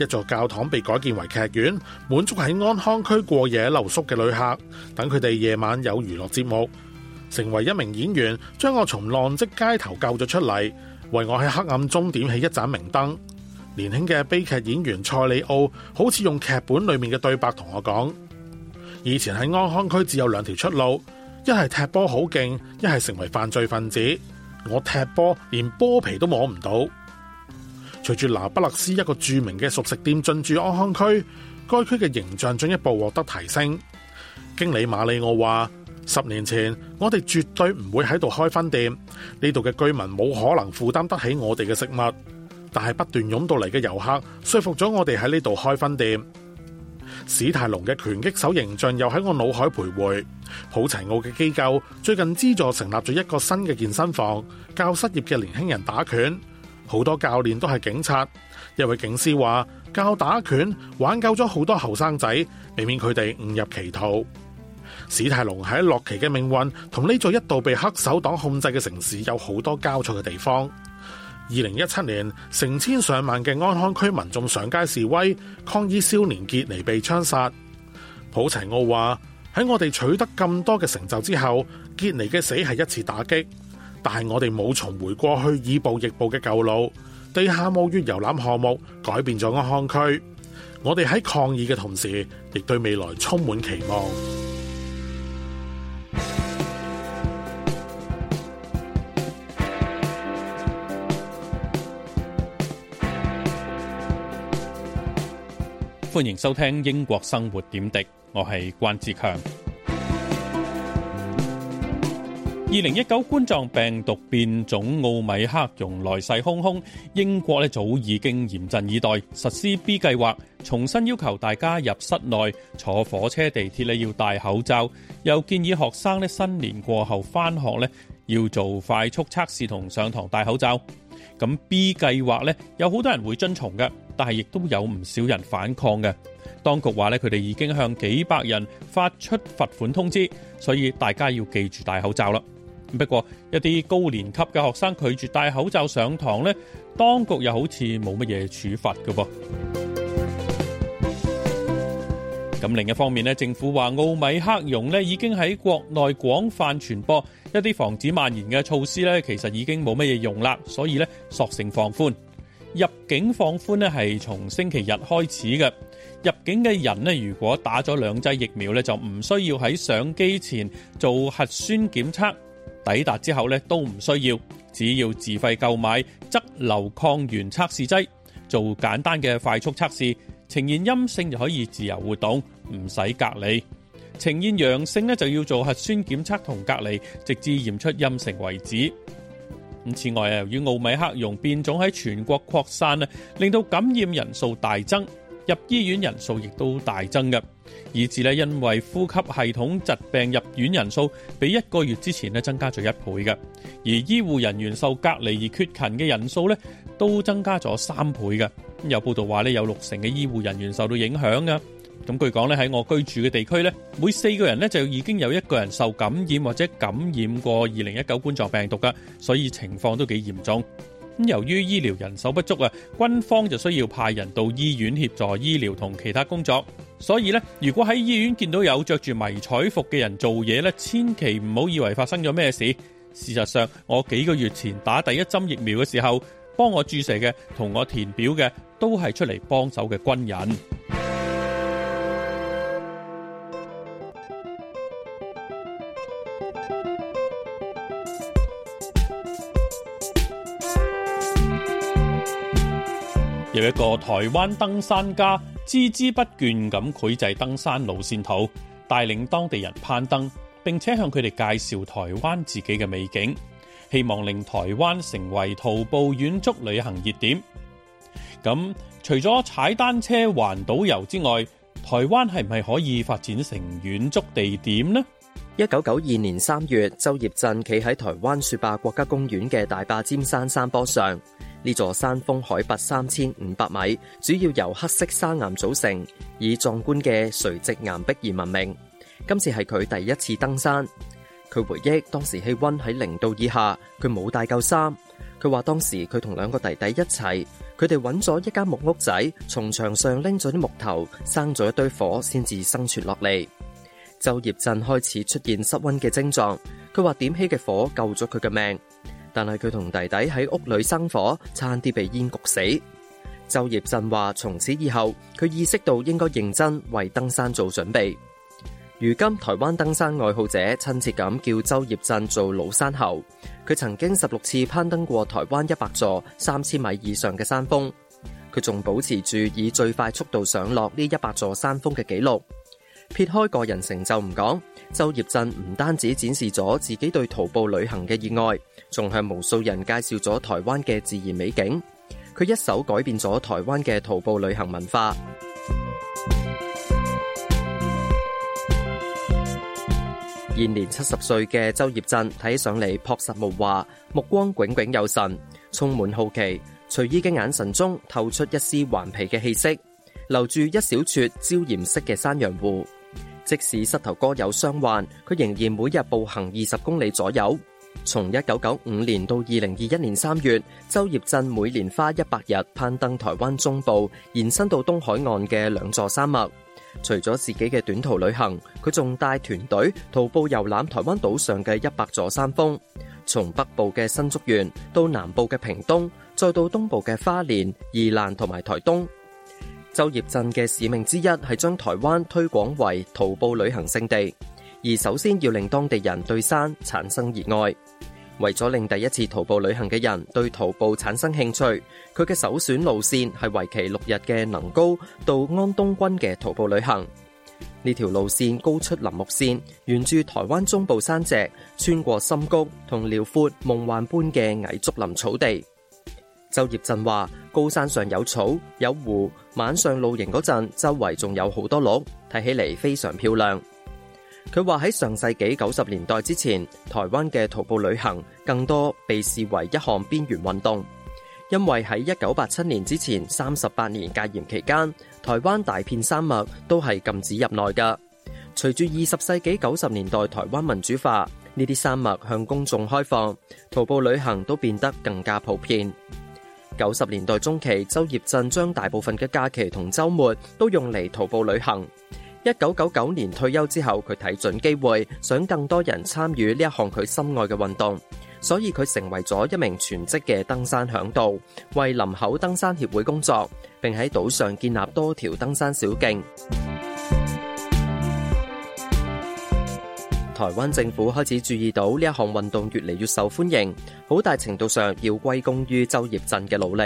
一座教堂被改建為劇院，滿足喺安康區過夜留宿嘅旅客，等佢哋夜晚有娛樂節目。成為一名演員，將我從浪跡街頭救咗出嚟，為我喺黑暗中點起一盞明燈。年輕嘅悲劇演員塞里奧，好似用劇本裏面嘅對白同我講：以前喺安康區只有兩條出路，一係踢波好勁，一係成為犯罪分子。我踢波連波皮都摸唔到。隨住拿不勒斯一個著名嘅熟食店進駐安康區，該區嘅形象進一步獲得提升。經理馬里奧話：十年前我哋絕對唔會喺度開分店，呢度嘅居民冇可能負擔得起我哋嘅食物。但係不斷湧到嚟嘅遊客說服咗我哋喺呢度開分店。史泰龍嘅拳擊手形象又喺我腦海徘徊。普齊奧嘅機構最近資助成立咗一個新嘅健身房，教失業嘅年輕人打拳。好多教練都係警察，一位警司話教打拳，挽救咗好多後生仔，避免佢哋誤入歧途。史泰龍喺洛奇嘅命運同呢座一度被黑手黨控制嘅城市有好多交錯嘅地方。二零一七年，成千上萬嘅安康區民眾上街示威，抗議少年杰尼被槍殺。普齊奧話，喺我哋取得咁多嘅成就之後，杰尼嘅死係一次打擊。但係我哋冇重回過去以暴易暴嘅舊路，地下墓穴遊覽項目改變咗個社區。我哋喺抗議嘅同時，亦對未來充滿期望。歡迎收聽《英國生活點滴》，我關之強，我係關之強。二零一九冠狀病毒變種奧米克戎來勢洶洶，英國咧早已經嚴陣以待，實施 B 計劃，重新要求大家入室內坐火車、地鐵咧要戴口罩，又建議學生咧新年過後翻學咧要做快速測試同上堂戴口罩。咁 B 計劃咧有好多人會遵從嘅，但係亦都有唔少人反抗嘅。當局話咧佢哋已經向幾百人發出罰款通知，所以大家要記住戴口罩啦。不過一啲高年級嘅學生拒絕戴口罩上堂呢，當局又好似冇乜嘢處罰嘅噃。咁另一方面，政府話奧米克戎已經喺國內廣泛傳播，一啲防止蔓延嘅措施其實已經冇乜嘢用啦。所以索性放寬入境，放寬咧係從星期日開始嘅入境嘅人，如果打咗兩劑疫苗就唔需要喺上機前做核酸檢測。抵達之後咧，都唔需要，只要自費購買側流抗原測試劑，做簡單嘅快速測試，呈現陰性就可以自由活動，唔使隔離。呈現陽性呢，就要做核酸檢測同隔離，直至驗出陰性為止。咁此外啊，由於奧米克戎變種喺全國擴散，令到感染人數大增。入醫院人數亦都大增噶，以至咧因為呼吸系統疾病入院人數比一個月之前咧增加咗一倍噶，而醫護人員受隔離而缺勤嘅人數咧都增加咗三倍噶。有報道話咧有六成嘅醫護人員受到影響噶。咁據講咧喺我居住嘅地區咧，每四個人咧就已經有一個人受感染或者感染過二零一九冠狀病毒噶，所以情況都幾嚴重。由於醫療人手不足啊，軍方就需要派人到醫院協助醫療同其他工作。所以咧，如果喺醫院見到有着住迷彩服嘅人做嘢咧，千祈唔好以為發生咗咩事。事實上，我幾個月前打第一針疫苗嘅時候，幫我注射嘅同我填表嘅都係出嚟幫手嘅軍人。有一個台灣登山家孜孜不倦咁繪製登山路線圖，帶領當地人攀登，並且向佢哋介紹台灣自己嘅美景，希望令台灣成為徒步遠足旅行熱點。咁除咗踩單車環島遊之外，台灣係唔係可以發展成遠足地點呢？一九九二年三月，周業鎮企喺台灣雪霸國家公園嘅大霸尖山山坡上，呢座山峰海拔三千五百米，主要由黑色砂岩組成，以壯觀嘅垂直岩壁而聞名。今次係佢第一次登山，佢回憶當時氣溫喺零度以下，佢冇帶夠衫。佢話當時佢同兩個弟弟一齊，佢哋揾咗一間木屋仔，從牆上拎咗啲木頭生咗一堆火，先至生存落嚟。周業鎮開始出現失溫嘅症狀，佢話點起嘅火救咗佢嘅命，但係佢同弟弟喺屋裏生火，差啲被煙焗死。周業鎮話：從此以後，佢意識到應該認真為登山做準備。如今，台灣登山愛好者親切咁叫周業鎮做老山猴。佢曾經十六次攀登過台灣一百座三千米以上嘅山峰，佢仲保持住以最快速度上落呢一百座山峰嘅紀錄。撇開個人成就唔講，周葉鎮唔單止展示咗自己對徒步旅行嘅意外，仲向無數人介紹咗台灣嘅自然美景。佢一手改變咗台灣嘅徒步旅行文化。現年七十歲嘅周葉鎮睇起上嚟樸實無華，目光炯炯有神，充滿好奇，隨意嘅眼神中透出一絲頑皮嘅氣息，留住一小撮椒鹽色嘅山羊鬍。即使膝頭哥有傷患，佢仍然每日步行二十公里左右。從一九九五年到二零二一年三月，周業鎮每年花一百日攀登台灣中部，延伸到東海岸嘅兩座山脈。除咗自己嘅短途旅行，佢仲帶團隊徒步遊覽台灣島上嘅一百座山峰，從北部嘅新竹縣到南部嘅屏東，再到東部嘅花蓮、宜蘭同埋台東。周葉鎮嘅使命之一係將台灣推廣為徒步旅行勝地，而首先要令當地人對山產生熱愛。為咗令第一次徒步旅行嘅人對徒步產生興趣，佢嘅首選路線係為期六日嘅能高到安東軍嘅徒步旅行。呢條路線高出林木線，沿住台灣中部山脊，穿過深谷同遼闊夢幻般嘅矮竹林草地。周葉鎮話：高山上有草有湖，晚上露營嗰陣周圍仲有好多鹿，睇起嚟非常漂亮。佢話喺上世紀九十年代之前，台灣嘅徒步旅行更多被視為一項邊緣運動，因為喺一九八七年之前三十八年戒嚴期間，台灣大片山脈都係禁止入內嘅。隨住二十世紀九十年代台灣民主化，呢啲山脈向公眾開放，徒步旅行都變得更加普遍。九十年代中期，周業鎮將大部分嘅假期同周末都用嚟徒步旅行。一九九九年退休之後，佢睇準機會，想更多人參與呢一項佢深愛嘅運動，所以佢成為咗一名全職嘅登山向導，為林口登山協會工作，並喺島上建立多條登山小徑。台灣政府開始注意到呢一項運動越嚟越受歡迎，好大程度上要歸功於周業鎮嘅努力。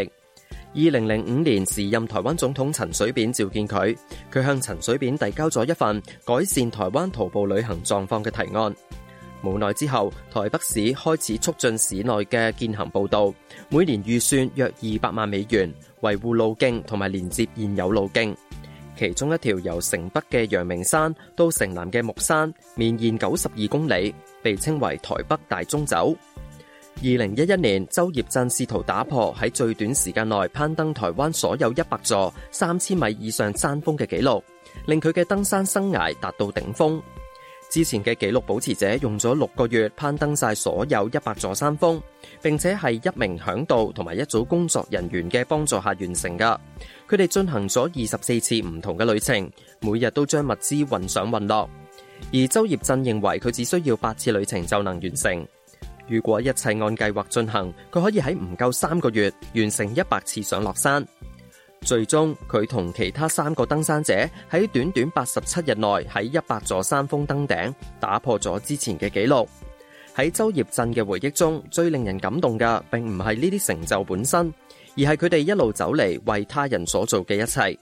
二零零五年，時任台灣總統陳水扁召見佢，佢向陳水扁遞交咗一份改善台灣徒步旅行狀況嘅提案。無奈冇耐之後，台北市開始促進市內嘅健行步道，每年預算約二百萬美元，維護路徑同埋連接現有路徑。其中一條由城北嘅陽明山到城南嘅木山，綿延九十二公里，被稱為台北大縱走。二零一一年，周業鎮試圖打破喺最短時間內攀登台灣所有一百座三千米以上山峰嘅紀錄，令佢嘅登山生涯達到頂峰。之前嘅紀錄保持者用咗六個月攀登晒所有一百座山峰，並且係一名嚮導同埋一組工作人員嘅幫助下完成嘅。佢哋進行咗二十四次唔同嘅旅程，每日都將物資運上運落。而周葉震，認為佢只需要八次旅程就能完成。如果一切按計劃進行，佢可以喺唔夠三個月完成一百次上落山。最終，佢同其他三個登山者喺短短八十七日內喺一百座山峰登頂，打破咗之前嘅紀錄。喺周葉鎮嘅回憶中，最令人感動嘅，並唔係呢啲成就本身，而係佢哋一路走嚟為他人所做嘅一切。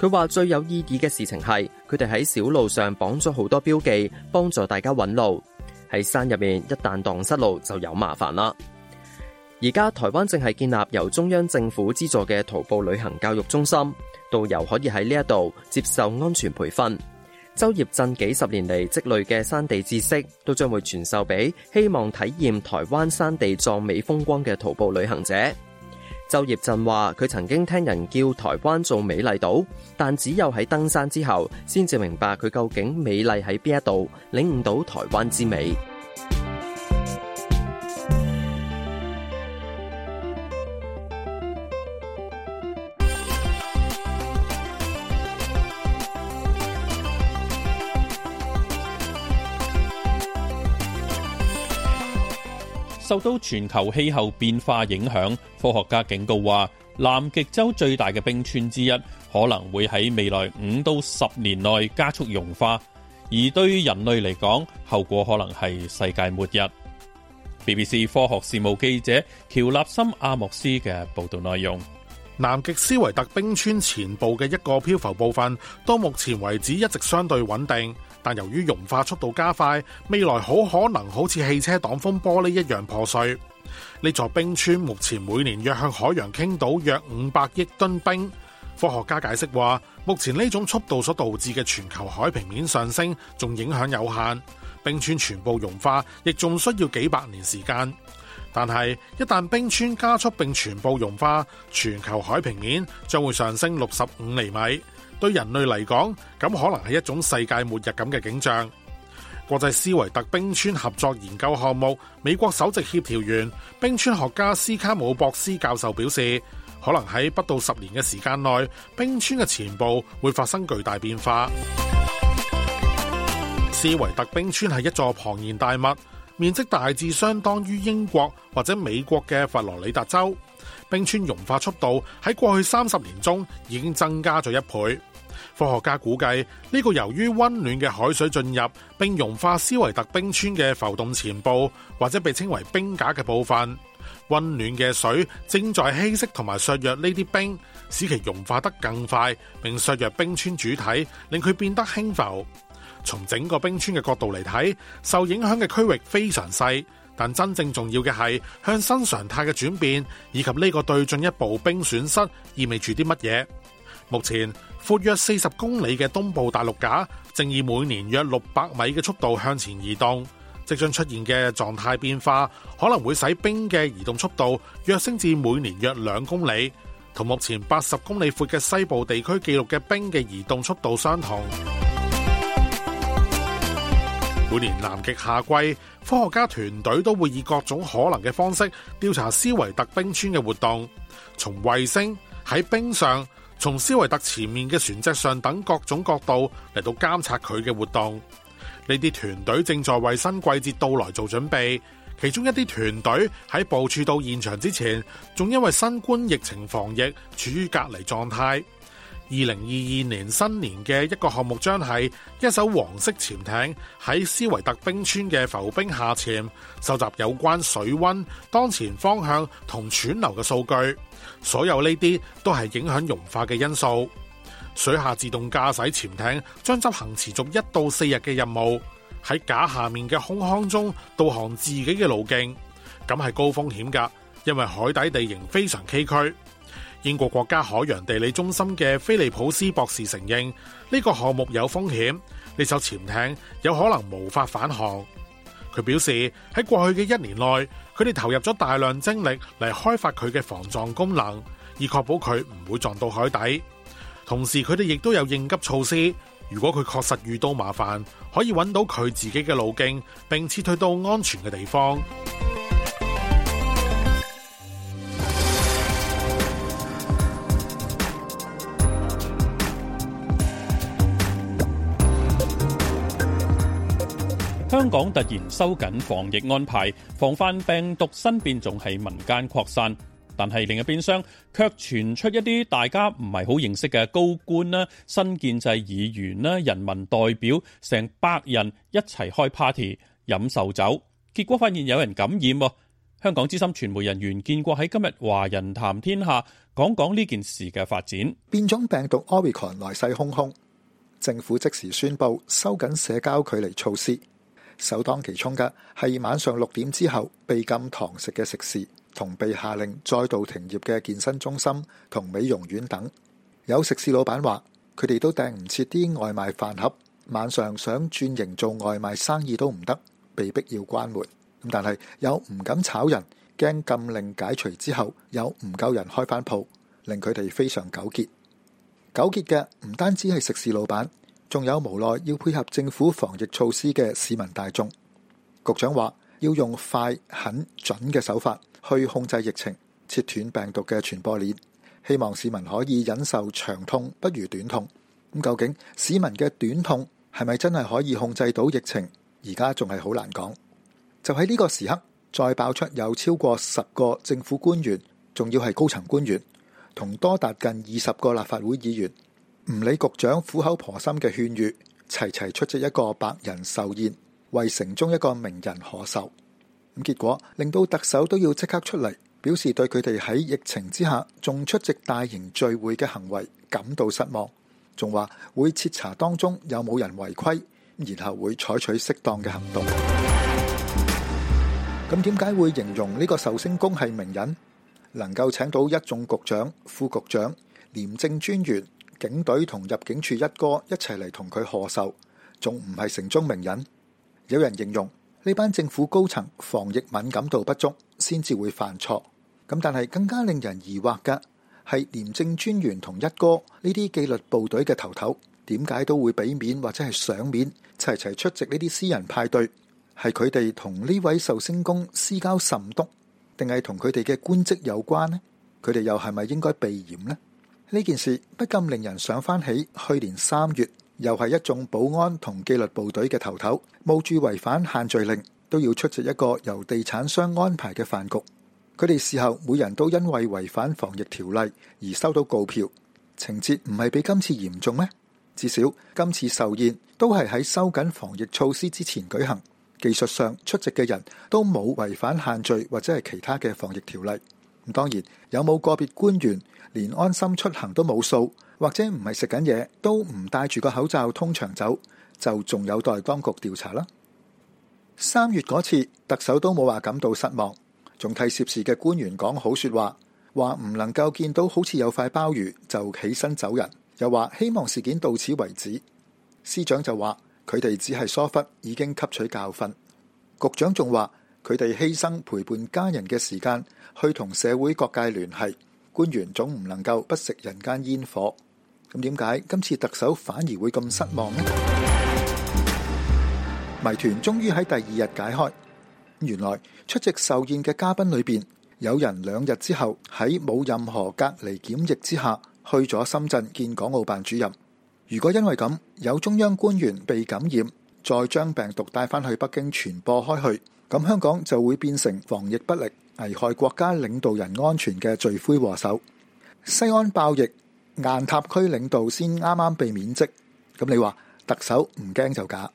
佢話最有意義嘅事情係佢哋喺小路上綁咗好多標記，幫助大家揾路。喺山入面，一旦蕩失路，就有麻煩啦。而家台灣正係建立由中央政府資助嘅徒步旅行教育中心，導遊可以喺呢一度接受安全培訓。周業鎮幾十年嚟積累嘅山地知識，都將會傳授俾希望體驗台灣山地壯美風光嘅徒步旅行者。周業鎮話：佢曾經聽人叫台灣做美麗島，但只有喺登山之後，先至明白佢究竟美麗喺邊一度，領悟到台灣之美。受到全球氣候變化影響，科學家警告話，南極洲最大嘅冰川之一可能會喺未來五到十年內加速融化，而對於人類嚟講，後果可能係世界末日。BBC 科學事務記者喬納森阿莫斯嘅報道內容：南極斯維特冰川前部嘅一個漂浮部分，到目前為止一直相對穩定。但由於融化速度加快，未來好可能好似汽車擋風玻璃一樣破碎。呢座冰川目前每年約向海洋傾倒約五百億噸冰。科學家解釋話，目前呢種速度所導致嘅全球海平面上升仲影響有限。冰川全部融化亦仲需要幾百年時間。但係一旦冰川加速並全部融化，全球海平面將會上升六十五厘米。對人類嚟講，咁可能係一種世界末日咁嘅景象。國際斯維特冰川合作研究項目美國首席協調員、冰川學家斯卡姆博斯教授表示，可能喺不到十年嘅時間內，冰川嘅前部會發生巨大變化。斯維 <music> 特冰川係一座龐然大物。面積大致相當於英國或者美國嘅佛羅里達州，冰川融化速度喺過去三十年中已經增加咗一倍。科學家估計呢個由於温暖嘅海水進入並融化斯維特冰川嘅浮動前部，或者被稱為冰架嘅部分，温暖嘅水正在稀釋同埋削弱呢啲冰，使其融化得更快，並削弱冰川主體，令佢變得輕浮。從整個冰川嘅角度嚟睇，受影響嘅區域非常細，但真正重要嘅係向新常態嘅轉變，以及呢個對進一步冰損失意味住啲乜嘢。目前闊約四十公里嘅東部大陸架正以每年約六百米嘅速度向前移動，即將出現嘅狀態變化可能會使冰嘅移動速度躍升至每年約兩公里，同目前八十公里闊嘅西部地區記錄嘅冰嘅移動速度相同。每年南極夏季，科學家團隊都會以各種可能嘅方式調查斯維特冰川嘅活動，從衛星、喺冰上，從斯維特前面嘅船隻上等各種角度嚟到監察佢嘅活動。呢啲團隊正在為新季節到嚟做準備，其中一啲團隊喺部署到現場之前，仲因為新冠疫情防疫處於隔離狀態。二零二二年新年嘅一個項目將係一艘黃色潛艇喺斯維特冰川嘅浮冰下潛，收集有關水溫、當前方向同湍流嘅數據。所有呢啲都係影響融化嘅因素。水下自動駕駛潛艇將執行持續一到四日嘅任務，喺架下面嘅空腔中導航自己嘅路徑。咁係高風險㗎，因為海底地形非常崎嶇。英國國家海洋地理中心嘅菲利普斯博士承認，呢個項目有風險，呢艘潛艇有可能無法返航。佢表示喺過去嘅一年內，佢哋投入咗大量精力嚟開發佢嘅防撞功能，以確保佢唔會撞到海底。同時，佢哋亦都有應急措施，如果佢確實遇到麻煩，可以揾到佢自己嘅路徑，並撤退到安全嘅地方。香港突然收緊防疫安排，防範病毒新變種喺民間擴散。但係另一邊廂，卻傳出一啲大家唔係好認識嘅高官啦、新建制議員啦、人民代表成百人一齊開 party 飲壽酒，結果發現有人感染。香港資深傳媒人員見過喺今日《華人談天下》講講呢件事嘅發展。變種病毒 Omicron 來勢洶洶，政府即時宣布收緊社交距離措施。首當其衝嘅係晚上六點之後被禁堂食嘅食肆，同被下令再度停業嘅健身中心同美容院等。有食肆老闆話：佢哋都訂唔切啲外賣飯盒，晚上想轉型做外賣生意都唔得，被逼要關門。咁但係有唔敢炒人，驚禁令解除之後有唔夠人開返鋪，令佢哋非常糾結。糾結嘅唔單止係食肆老闆。仲有無奈要配合政府防疫措施嘅市民大眾，局長話要用快、狠、準嘅手法去控制疫情，切斷病毒嘅傳播鏈。希望市民可以忍受長痛不如短痛。咁究竟市民嘅短痛係咪真係可以控制到疫情？而家仲係好難講。就喺呢個時刻，再爆出有超過十個政府官員，仲要係高層官員，同多達近二十個立法會議員。唔理局長苦口婆心嘅勸諭，齊齊出席一個百人壽宴，為城中一個名人賀壽。咁結果令到特首都要即刻出嚟，表示對佢哋喺疫情之下仲出席大型聚會嘅行為感到失望，仲話會徹查當中有冇人違規，然後會採取適當嘅行動。咁點解會形容呢個壽星公係名人？能夠請到一眾局長、副局長、廉政專員。警隊同入境處一哥一齊嚟，同佢賀壽，仲唔係城中名人？有人形容呢班政府高層防疫敏感度不足，先至會犯錯。咁但係更加令人疑惑㗎，係廉政專員同一哥呢啲紀律部隊嘅頭頭，點解都會俾面，或者係賞面，齊齊出席呢啲私人派對？係佢哋同呢位壽星公私交甚篤，定係同佢哋嘅官職有關呢？佢哋又係咪應該避嫌呢？呢件事不禁令人想翻起去年三月，又係一眾保安同紀律部隊嘅頭頭，冒住違反限聚令都要出席一個由地產商安排嘅飯局。佢哋事後每人都因為違反防疫條例而收到告票，情節唔係比今次嚴重咩？至少今次壽宴都係喺收緊防疫措施之前舉行，技術上出席嘅人都冇違反限聚或者係其他嘅防疫條例。當然有冇個別官員連安心出行都冇數，或者唔係食緊嘢都唔戴住個口罩通走，通常走就仲有待當局調查啦。三月嗰次特首都冇話感到失望，仲替涉事嘅官員講好說話，話唔能夠見到好似有塊鮑魚就起身走人，又話希望事件到此為止。司長就話佢哋只係疏忽，已經吸取教訓。局長仲話佢哋犧牲陪伴家人嘅時間。去同社會各界聯繫，官員總唔能夠不食人間煙火。咁點解今次特首反而會咁失望呢？謎團終於喺第二日解開，原來出席壽宴嘅嘉賓裏邊，有人兩日之後喺冇任何隔離檢疫之下去咗深圳見港澳辦主任。如果因為咁有中央官員被感染，再將病毒帶翻去北京傳播開去，咁香港就會變成防疫不力。危害國家領導人安全嘅罪魁禍首，西安爆疫雁塔區領導先啱啱被免職。咁你話特首唔驚就假。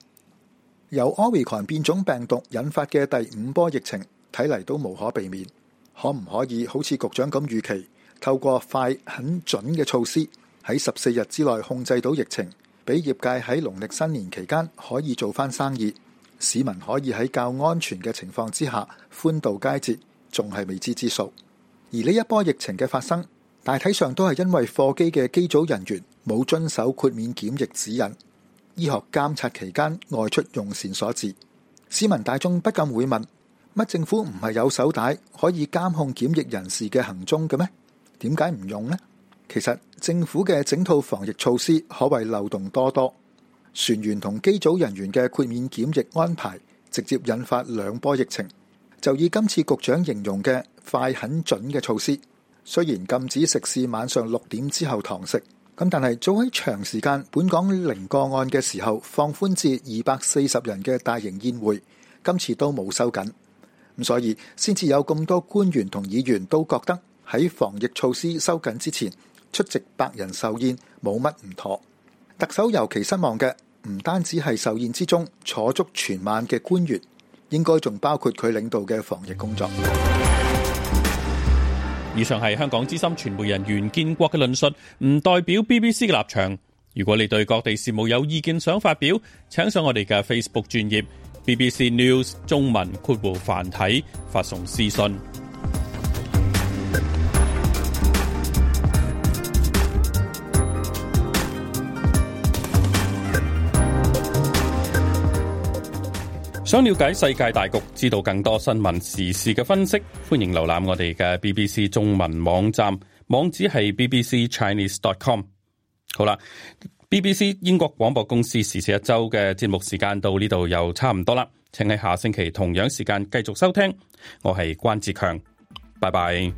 由 Omicron 變種病毒引發嘅第五波疫情，睇嚟都無可避免。可唔可以好似局長咁預期，透過快很準嘅措施喺十四日之內控制到疫情，俾業界喺農曆新年期間可以做翻生意，市民可以喺較安全嘅情況之下歡度佳節。仲係未知之數，而呢一波疫情嘅發生，大體上都係因為貨機嘅機組人員冇遵守豁免檢疫指引，醫學監察期間外出用膳所致。市民大眾不禁會問：乜政府唔係有手帶可以監控檢疫人士嘅行蹤嘅咩？點解唔用呢？其實政府嘅整套防疫措施可謂漏洞多多，船員同機組人員嘅豁免檢疫安排，直接引發兩波疫情。就以今次局長形容嘅快、狠準嘅措施，雖然禁止食肆晚上六點之後堂食，咁但係早喺長時間本港零個案嘅時候，放寬至二百四十人嘅大型宴會，今次都冇收緊，咁所以先至有咁多官員同議員都覺得喺防疫措施收緊之前出席百人壽宴冇乜唔妥。特首尤其失望嘅，唔單止係壽宴之中坐足全晚嘅官員。應該仲包括佢領導嘅防疫工作。以上係香港資深傳媒人袁建國嘅論述，唔代表 BBC 嘅立場。如果你對各地事務有意見想發表，請上我哋嘅 Facebook 專頁 BBC News 中文括弧繁體，發送私信。想了解世界大局，知道更多新聞時事嘅分析，歡迎瀏覽我哋嘅 BBC 中文網站，網址係 BBC Chinese dot com。好啦，BBC 英國廣播公司時事一周嘅節目時間到呢度又差唔多啦，請喺下星期同樣時間繼續收聽。我係關志強，拜拜。